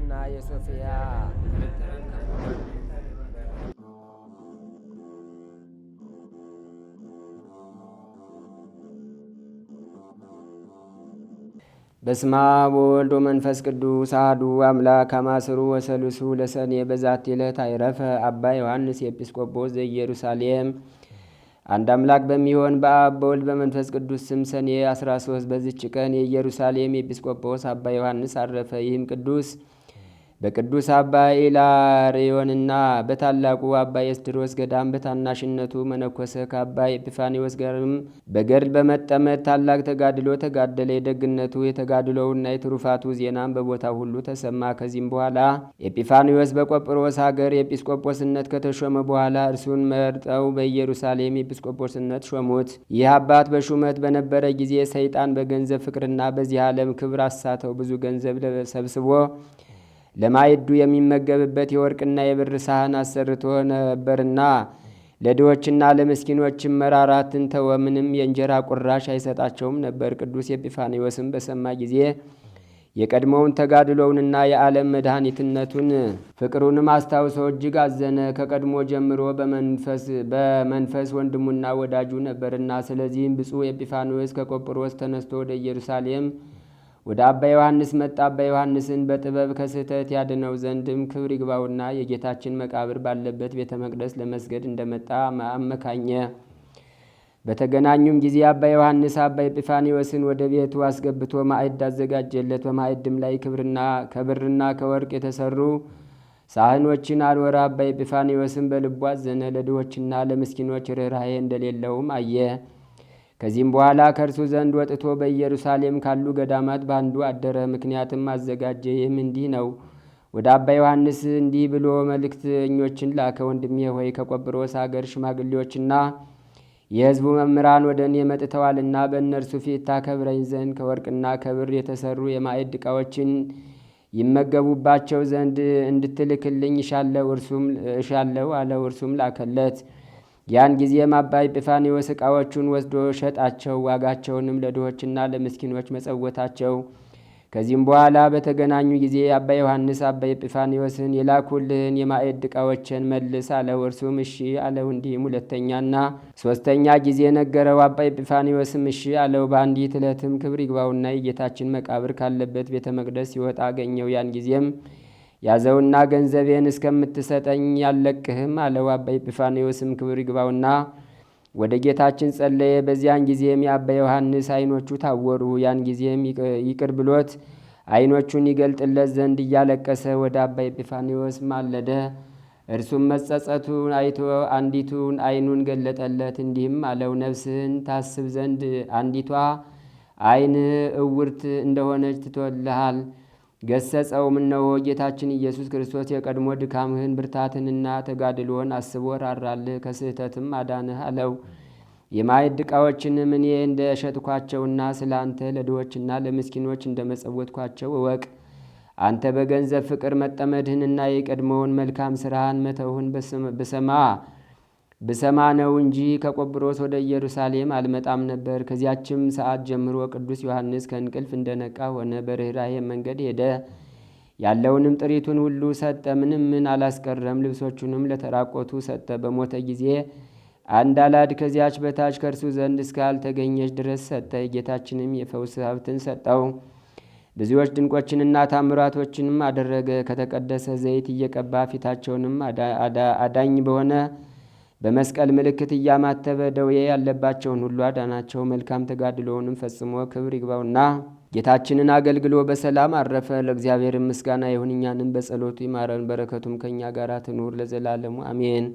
እና የሶፊያ በስማ ወወልድ ወመንፈስ ቅዱስ አሐዱ አምላክ አማስሩ ወሰሉሱ ለሰኔ በዛቲ ዕለት አይረፈ አባ ዮሐንስ ኤጲስቆጶስ ዘኢየሩሳሌም። አንድ አምላክ በሚሆን በአብ በወልድ በመንፈስ ቅዱስ ስም ሰኔ 13 በዚች ቀን የኢየሩሳሌም ኤጲስቆጶስ አባ ዮሐንስ አረፈ። ይህም ቅዱስ በቅዱስ አባ ኢላሪዮንና በታላቁ አባ የስድሮስ ገዳም በታናሽነቱ መነኮሰ። ከአባ ኤጲፋኒዎስ ጋርም በገድል በመጠመድ ታላቅ ተጋድሎ ተጋደለ። የደግነቱ የተጋድሎውና የትሩፋቱ ዜናም በቦታው ሁሉ ተሰማ። ከዚህም በኋላ ኤጲፋኒዎስ በቆጵሮስ ሀገር ኤጲስቆጶስነት ከተሾመ በኋላ እርሱን መርጠው በኢየሩሳሌም ኤጲስቆጶስነት ሾሙት። ይህ አባት በሹመት በነበረ ጊዜ ሰይጣን በገንዘብ ፍቅርና በዚህ ዓለም ክብር አሳተው ብዙ ገንዘብ ሰብስቦ ለማይዱ የሚመገብበት የወርቅና የብር ሳህን አሰርቶ ነበርና ለድዎችና ለምስኪኖችም መራራትን ተወ። ምንም የእንጀራ ቁራሽ አይሰጣቸውም ነበር። ቅዱስ ኤጲፋንዮስም በሰማ ጊዜ የቀድሞውን ተጋድሎውንና የዓለም መድኃኒትነቱን ፍቅሩንም አስታውሶ እጅግ አዘነ። ከቀድሞ ጀምሮ በመንፈስ ወንድሙና ወዳጁ ነበርና። ስለዚህም ብፁዕ ኤጲፋንዮስ ከቆጵሮስ ተነስቶ ወደ ኢየሩሳሌም ወደ አባ ዮሐንስ መጣ። አባ ዮሐንስን በጥበብ ከስህተት ያድነው ዘንድም ክብር ይግባውና የጌታችን መቃብር ባለበት ቤተ መቅደስ ለመስገድ እንደመጣ አመካኘ። በተገናኙም ጊዜ አባ ዮሐንስ አባ ኤጲፋኒዎስን ወደ ቤቱ አስገብቶ ማዕድ አዘጋጀለት። በማዕድም ላይ ክብርና ከብርና ከወርቅ የተሰሩ ሳህኖችን አኖረ። አባ ኤጲፋኒዎስን በልቡ አዘነ። ለድሆችና ለምስኪኖች ርኅራኄ እንደሌለውም አየ። ከዚህም በኋላ ከእርሱ ዘንድ ወጥቶ በኢየሩሳሌም ካሉ ገዳማት በአንዱ አደረ። ምክንያትም አዘጋጀ። ይህም እንዲህ ነው። ወደ አባ ዮሐንስ እንዲህ ብሎ መልእክተኞችን ላከ። ወንድሜ ሆይ ከቆጵሮስ አገር ሽማግሌዎችና የሕዝቡ መምህራን ወደ እኔ መጥተዋልና በእነርሱ ፊት ታከብረኝ ዘንድ ከወርቅና ከብር የተሰሩ የማዕድ ዕቃዎችን ይመገቡባቸው ዘንድ እንድትልክልኝ እሻለው አለው። እርሱም ላከለት። ያን ጊዜም አባ ኤጲፋንዮስ ዕቃዎቹን ወስዶ ሸጣቸው፣ ዋጋቸውንም ለድሆችና ለምስኪኖች መጸወታቸው። ከዚህም በኋላ በተገናኙ ጊዜ አባ ዮሐንስ አባ ኤጲፋንዮስን የላኩልህን የማዕድ ዕቃዎችን መልስ አለው። እርሱም እሺ አለው። እንዲህም ሁለተኛና ሶስተኛ ጊዜ ነገረው። አባ ኤጲፋንዮስም እሺ አለው። በአንዲት ዕለትም ክብር ይግባውና የጌታችን መቃብር ካለበት ቤተ መቅደስ ሲወጣ አገኘው። ያን ጊዜም ያዘውና ገንዘቤን እስከምትሰጠኝ ያለቅህም አለው። አባ ኤጲፋንዮስም ክብር ይግባውና ወደ ጌታችን ጸለየ። በዚያን ጊዜም የአባ ዮሐንስ ዓይኖቹ ታወሩ። ያን ጊዜም ይቅር ብሎት ዓይኖቹን ይገልጥለት ዘንድ እያለቀሰ ወደ አባ ኤጲፋንዮስ ማለደ። እርሱም መጸጸቱን አይቶ አንዲቱን ዓይኑን ገለጠለት። እንዲህም አለው፣ ነፍስህን ታስብ ዘንድ አንዲቷ ዓይንህ እውርት እንደሆነች ትቶልሃል። ገሰጸውም። እነሆ ጌታችን ኢየሱስ ክርስቶስ የቀድሞ ድካምህን ብርታትንና ተጋድሎን አስቦ ራራልህ፣ ከስህተትም አዳንህ አለው። የማዕድ ዕቃዎችንም እኔ እንደ ሸጥኳቸውና ስለ አንተ ለድሆችና ለምስኪኖች እንደ መጸወትኳቸው እወቅ። አንተ በገንዘብ ፍቅር መጠመድህንና የቀድሞውን መልካም ስራህን መተውህን ብሰማ ብሰማ ነው እንጂ ከቆብሮስ ወደ ኢየሩሳሌም አልመጣም ነበር። ከዚያችም ሰዓት ጀምሮ ቅዱስ ዮሐንስ ከእንቅልፍ እንደነቃ ሆነ። በርኅራኄ መንገድ ሄደ። ያለውንም ጥሪቱን ሁሉ ሰጠ። ምንም ምን አላስቀረም። ልብሶቹንም ለተራቆቱ ሰጠ። በሞተ ጊዜ አንድ አላድ ከዚያች በታች ከእርሱ ዘንድ እስካልተገኘች ድረስ ሰጠ። የጌታችንም የፈውስ ሀብትን ሰጠው። ብዙዎች ድንቆችንና ታምራቶችንም አደረገ። ከተቀደሰ ዘይት እየቀባ ፊታቸውንም አዳኝ በሆነ በመስቀል ምልክት እያማተበ ደዌ ያለባቸውን ሁሉ አዳናቸው። መልካም ተጋድሎውንም ፈጽሞ ክብር ይግባውና ጌታችንን አገልግሎ በሰላም አረፈ። ለእግዚአብሔር ምስጋና ይሁን፣ እኛንም በጸሎቱ ይማረን፣ በረከቱም ከእኛ ጋር ትኑር ለዘላለሙ አሜን።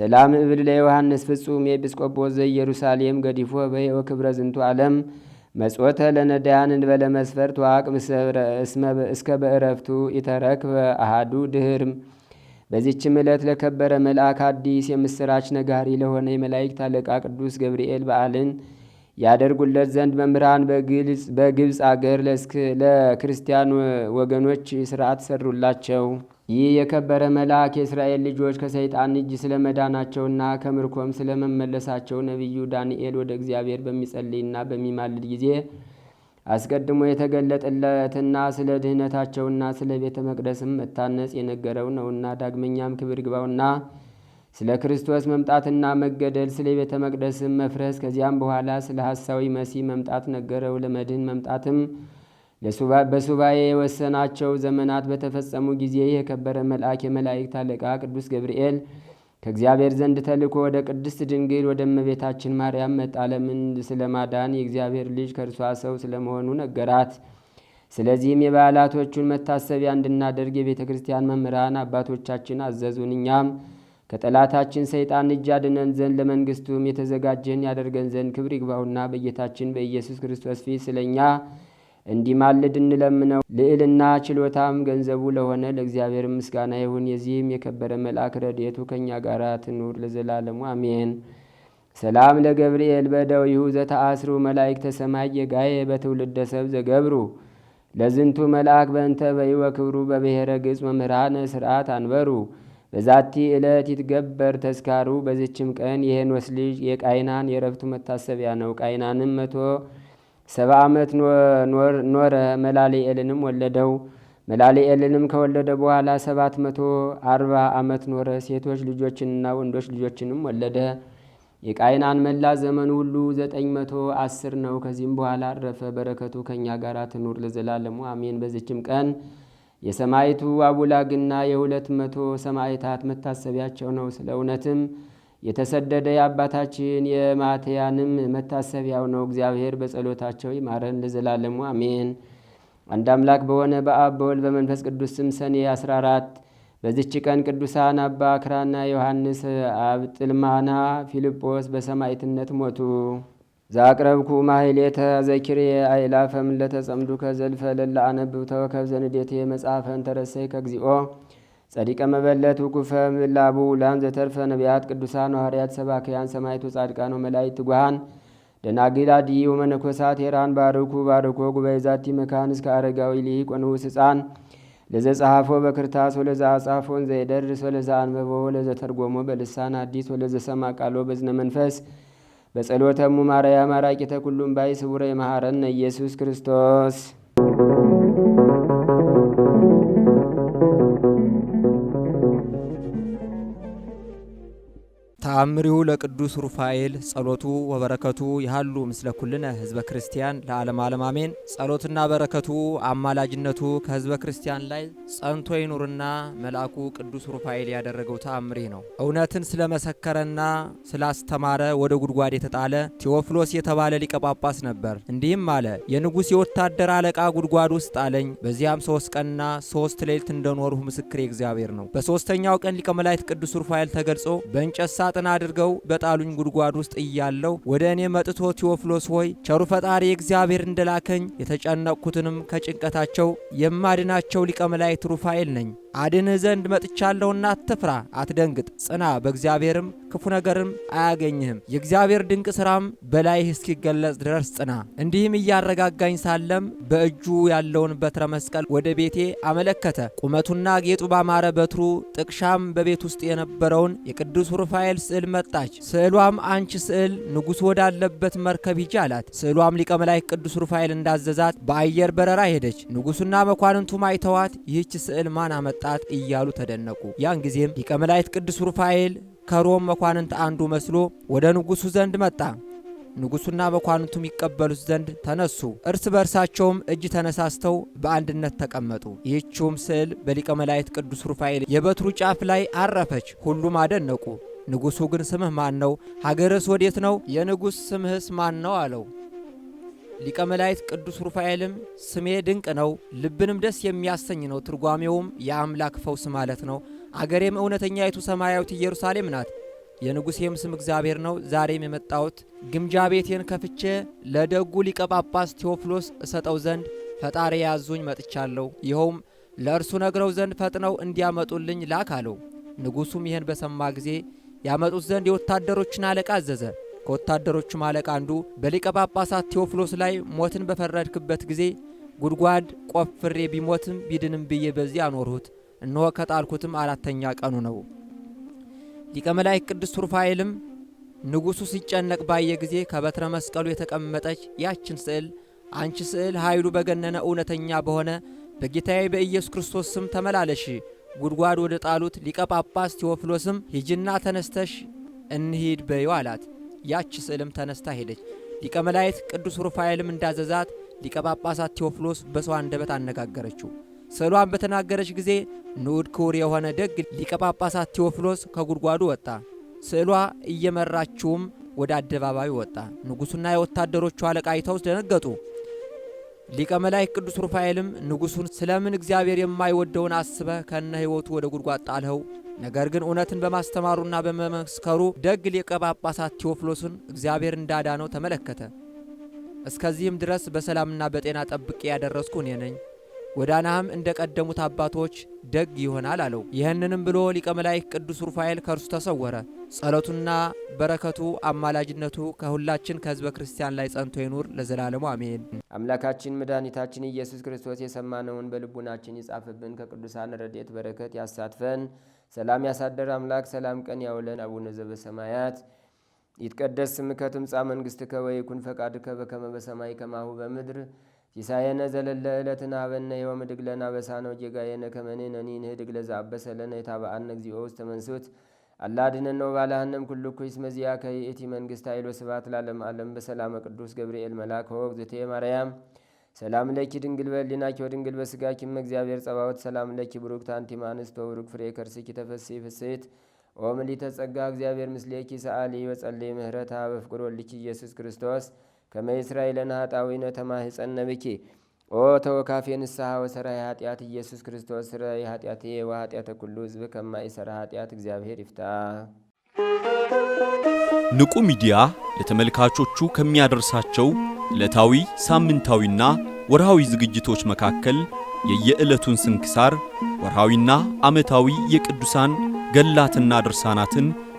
ሰላም እብል ለዮሐንስ ፍጹም የኤጲስቆጶስ ዘኢየሩሳሌም ገዲፎ በየወ ክብረ ዝንቱ ዓለም መጽወተ ለነዳያን እንበለ መስፈርት ዋቅ እስከ በእረፍቱ ኢተረክበ አሃዱ ድህርም በዚችም ዕለት ለከበረ መልአክ አዲስ የምስራች ነጋሪ ለሆነ የመላእክት አለቃ ቅዱስ ገብርኤል በዓልን ያደርጉለት ዘንድ መምህራን በግብፅ አገር ለክርስቲያን ወገኖች ስርዓት ሰሩላቸው። ይህ የከበረ መልአክ የእስራኤል ልጆች ከሰይጣን እጅ ስለ መዳናቸውና ከምርኮም ስለ መመለሳቸው ነቢዩ ዳንኤል ወደ እግዚአብሔር በሚጸልይና በሚማልድ ጊዜ አስቀድሞ የተገለጠለትና ስለ ድህነታቸውና ስለ ቤተ መቅደስም መታነጽ የነገረው ነውና ዳግመኛም ክብር ግባውና ስለ ክርስቶስ መምጣትና መገደል ስለ ቤተ መቅደስም መፍረስ ከዚያም በኋላ ስለ ሐሳዊ መሲህ መምጣት ነገረው። ለመድህን መምጣትም በሱባኤ የወሰናቸው ዘመናት በተፈጸሙ ጊዜ የከበረ መልአክ የመላእክት አለቃ ቅዱስ ገብርኤል ከእግዚአብሔር ዘንድ ተልኮ ወደ ቅድስት ድንግል ወደ እመቤታችን ማርያም መጣ። ለምን ስለማዳን የእግዚአብሔር ልጅ ከእርሷ ሰው ስለመሆኑ ነገራት። ስለዚህም የበዓላቶቹን መታሰቢያ እንድናደርግ የቤተ ክርስቲያን መምህራን አባቶቻችን አዘዙን። እኛም ከጠላታችን ሰይጣን እጅ አድነን ዘንድ ለመንግስቱም የተዘጋጀን ያደርገን ዘንድ ክብር ይግባውና በጌታችን በኢየሱስ ክርስቶስ ፊት ስለ እኛ እንዲማልድ እንለምነው። ልዕልና ችሎታም ገንዘቡ ለሆነ ለእግዚአብሔር ምስጋና ይሁን። የዚህም የከበረ መልአክ ረድኤቱ ከእኛ ጋር ትኑር ለዘላለሙ አሜን። ሰላም ለገብርኤል ይሁ ዘተአስሩ መላእክተ ሰማይ የጋዬ በትውልደ ሰብ ዘገብሩ ለዝንቱ መልአክ በእንተ በይወ ክብሩ በብሔረ ግጽ መምህራነ ስርዓት አንበሩ በዛቲ ዕለት ይትገበር ተስካሩ። በዚችም ቀን የሄኖስ ልጅ የቃይናን የረፍቱ መታሰቢያ ነው። ቃይናንም መቶ ሰባ ዓመት ኖረ። መላሊኤልንም ወለደው። መላሊኤልንም ከወለደ በኋላ ሰባት መቶ አርባ ዓመት ኖረ። ሴቶች ልጆችንና ወንዶች ልጆችንም ወለደ። የቃይናን መላ ዘመን ሁሉ ዘጠኝ መቶ አስር ነው። ከዚህም በኋላ አረፈ። በረከቱ ከእኛ ጋር ትኑር ለዘላለሙ አሜን። በዚችም ቀን የሰማይቱ አቡላግና የሁለት መቶ ሰማይታት መታሰቢያቸው ነው። ስለ እውነትም የተሰደደ የአባታችን የማትያንም መታሰቢያው ነው። እግዚአብሔር በጸሎታቸው ይማረን ለዘላለሙ አሜን። አንድ አምላክ በሆነ በአብ በወልድ በመንፈስ ቅዱስ ስም ሰኔ 14 በዚች ቀን ቅዱሳን አባ አክራና ዮሐንስ፣ አብጥልማና ፊልጶስ በሰማዕትነት ሞቱ። ዛቅረብኩ ማሕሌተ ዘኪሬ አይላፈም ለተጸምዱ ከዘልፈ ለላ አነብብ ተወከብ ዘንዴቴ መጽሐፈን ተረሰይ ከግዚኦ ጸዲቀ መበለት ውኩፈ ምላቡ ላን ዘተርፈ ነቢያት ቅዱሳን ሐዋርያት ሰባክያን ሰማይቱ ጻድቃን መላእክት ጓሃን ደናግል አድዩ መነኮሳት ሄራን ባርኩ ባርኮ ጉባኤ ዛቲ መካን እስከ አረጋዊ ሊቅ ወንዑስ ለዘ ለዘጸሐፎ በክርታስ ወለዛ አጻፎ ዘየደርስ ወለዛ አንበቦ ወለዘ ተርጎሞ በልሳን አዲስ ወለዘ ሰማ ቃሎ በዝነ መንፈስ በጸሎተሙ ማርያም አራቂተ ኩሉም ባይ ስቡረ የመሐረነ ኢየሱስ ክርስቶስ ተአምሪሁ ለቅዱስ ሩፋኤል ጸሎቱ ወበረከቱ ያሉ ምስለ ኩልነ ህዝበ ክርስቲያን ለዓለም ዓለም አሜን። ጸሎትና በረከቱ አማላጅነቱ ከህዝበ ክርስቲያን ላይ ጸንቶ ይኑርና መልአኩ ቅዱስ ሩፋኤል ያደረገው ተአምሪ ነው። እውነትን ስለመሰከረና ስላስተማረ ወደ ጉድጓድ የተጣለ ቴዎፍሎስ የተባለ ሊቀ ጳጳስ ነበር። እንዲህም አለ። የንጉሥ የወታደር አለቃ ጉድጓድ ውስጥ ጣለኝ። በዚያም ሶስት ቀንና ሶስት ሌሊት እንደኖርሁ ምስክሬ እግዚአብሔር ነው። በሦስተኛው ቀን ሊቀ መላእክት ቅዱስ ሩፋኤል ተገልጾ በእንጨት ሳጥን ቀን አድርገው በጣሉኝ ጉድጓድ ውስጥ እያለው ወደ እኔ መጥቶ ቴዎፍሎስ ሆይ ቸሩ ፈጣሪ እግዚአብሔር እንደላከኝ የተጨነቅኩትንም ከጭንቀታቸው የማድናቸው ሊቀ መላእክት ሩፋኤል ነኝ አድንህ ዘንድ መጥቻለሁና አትፍራ፣ አትደንግጥ፣ ጽና፣ በእግዚአብሔርም ክፉ ነገርም አያገኝህም። የእግዚአብሔር ድንቅ ሥራም በላይህ እስኪገለጽ ድረስ ጽና። እንዲህም እያረጋጋኝ ሳለም በእጁ ያለውን በትረ መስቀል ወደ ቤቴ አመለከተ። ቁመቱና ጌጡ ባማረ በትሩ ጥቅሻም በቤት ውስጥ የነበረውን የቅዱስ ሩፋኤል ስዕል መጣች። ስዕሏም አንቺ ስዕል ንጉሥ ወዳለበት መርከብ ሂጂ አላት። ስዕሏም ሊቀ መላእክት ቅዱስ ሩፋኤል እንዳዘዛት በአየር በረራ ሄደች። ንጉሡና መኳንንቱም አይተዋት ይህች ስዕል ማን አመጣ አመጣት እያሉ ተደነቁ። ያን ጊዜም ሊቀ መላእክት ቅዱስ ሩፋኤል ከሮም መኳንንት አንዱ መስሎ ወደ ንጉሱ ዘንድ መጣ። ንጉሱና መኳንንቱም ይቀበሉት ዘንድ ተነሱ። እርስ በእርሳቸውም እጅ ተነሳስተው በአንድነት ተቀመጡ። ይህችውም ስዕል በሊቀ መላእክት ቅዱስ ሩፋኤል የበትሩ ጫፍ ላይ አረፈች። ሁሉም አደነቁ። ንጉሱ ግን ስምህ ማን ነው? ሀገርስ ወዴት ነው? የንጉሥ ስምህስ ማን ነው? አለው። ሊቀ መላእክት ቅዱስ ሩፋኤልም ስሜ ድንቅ ነው፣ ልብንም ደስ የሚያሰኝ ነው፣ ትርጓሜውም የአምላክ ፈውስ ማለት ነው። አገሬም እውነተኛይቱ ሰማያዊት ኢየሩሳሌም ናት። የንጉሴም ስም እግዚአብሔር ነው። ዛሬም የመጣሁት ግምጃ ቤቴን ከፍቼ ለደጉ ሊቀ ጳጳስ ቴዎፍሎስ እሰጠው ዘንድ ፈጣሪ ያዙኝ መጥቻለሁ። ይኸውም ለእርሱ ነግረው ዘንድ ፈጥነው እንዲያመጡልኝ ላክ አለው። ንጉሱም ይህን በሰማ ጊዜ ያመጡት ዘንድ የወታደሮችን አለቃ አዘዘ። ከወታደሮቹ አለቃ አንዱ በሊቀ ጳጳሳት ቴዎፍሎስ ላይ ሞትን በፈረድክበት ጊዜ ጉድጓድ ቆፍሬ ቢሞትም ቢድንም ብዬ በዚህ አኖርሁት፣ እነሆ ከጣልኩትም አራተኛ ቀኑ ነው። ሊቀ መላእክት ቅዱስ ሩፋኤልም ንጉሡ ሲጨነቅ ባየ ጊዜ ከበትረ መስቀሉ የተቀመጠች ያችን ስዕል አንቺ ስዕል ኃይሉ በገነነ እውነተኛ በሆነ በጌታዬ በኢየሱስ ክርስቶስ ስም ተመላለሽ፣ ጉድጓድ ወደ ጣሉት ሊቀ ጳጳስ ቴዎፍሎስም ሂጅና ተነስተሽ እንሂድ በዩ አላት። ያች ስዕልም ተነስታ ሄደች። ሊቀ መላእክት ቅዱስ ሩፋኤልም እንዳዘዛት ሊቀ ጳጳሳት ቴዎፍሎስ በሰው አንደበት አነጋገረችው። ስዕሏን በተናገረች ጊዜ ንዑድ ክቡር የሆነ ደግ ሊቀ ጳጳሳት ቴዎፍሎስ ከጉድጓዱ ወጣ። ስዕሏ እየመራችውም ወደ አደባባዩ ወጣ። ንጉሡና የወታደሮቹ አለቃ አይተው ደነገጡ። ሊቀ መላእክት ቅዱስ ሩፋኤልም ንጉሡን ስለምን እግዚአብሔር የማይወደውን አስበህ ከነ ሕይወቱ ወደ ጉድጓድ ጣልኸው ነገር ግን እውነትን በማስተማሩና በመመስከሩ ደግ ሊቀ ጳጳሳት ቴዎፍሎስን እግዚአብሔር እንዳዳነው ተመለከተ። እስከዚህም ድረስ በሰላምና በጤና ጠብቄ ያደረስኩ እኔ ነኝ። ወዳናህም እንደ ቀደሙት አባቶች ደግ ይሆናል አለው። ይህንንም ብሎ ሊቀ መላእክት ቅዱስ ሩፋኤል ከእርሱ ተሰወረ። ጸሎቱና በረከቱ አማላጅነቱ ከሁላችን ከህዝበ ክርስቲያን ላይ ጸንቶ ይኑር ለዘላለሙ አሜን። አምላካችን መድኃኒታችን ኢየሱስ ክርስቶስ የሰማነውን በልቡናችን ይጻፍብን፣ ከቅዱሳን ረድኤት በረከት ያሳትፈን። ሰላም ያሳደር አምላክ ሰላም ቀን ያውለን። አቡነ ዘበሰማያት ይትቀደስ ስምከ ትምጻእ መንግሥትከ ወይኩን ፈቃድከ በከመ በሰማይ ከማሁ በምድር ሲሳየነ ዘለለ ዕለትን አበነ ህወ ምድግለና በሳነው ከመኔ ነኒ ንህድግ ድግለ ዛበሰለነ የታበአነ እግዚኦ ውስጥ ተመንስት አላድነን ነው ባላህንም ኩልኩ መዚያ ከይእቲ መንግስት ኃይሎ ስባት ላለም አለም በሰላመ ቅዱስ ገብርኤል መልአክ ሆ እግዝእቴ ማርያም ሰላም ለኪ ድንግል በሊናኪ ወድንግል በስጋኪም እግዚአብሔር ጸባወት ሰላም ለኪ ብሩክ ታንቲማንስ በብሩክ ፍሬ ከርስኪ ተፈሥሒ ፍሥሕት ኦ ምልዕተ እግዚአብሔር ምስሌኪ ሰአሊ ወጸልይ ምህረታ በፍቅሮ ልኪ ኢየሱስ ክርስቶስ ከመ እስራኤልን ኃጣዊነ ተማህፀነ ብኪ ኦ ተወካፌ ንስሐ ወሰራይ ኃጢአት ኢየሱስ ክርስቶስ ስራይ ኃጢአት ወኃጢአተ ኩሉ ህዝብ ከማይሰራ ኃጢአት እግዚአብሔር ይፍታ። ንቁ ሚዲያ ለተመልካቾቹ ከሚያደርሳቸው ዕለታዊ ሳምንታዊና ወርሃዊ ዝግጅቶች መካከል የየዕለቱን ስንክሳር ወርሃዊና ዓመታዊ የቅዱሳን ገላትና ድርሳናትን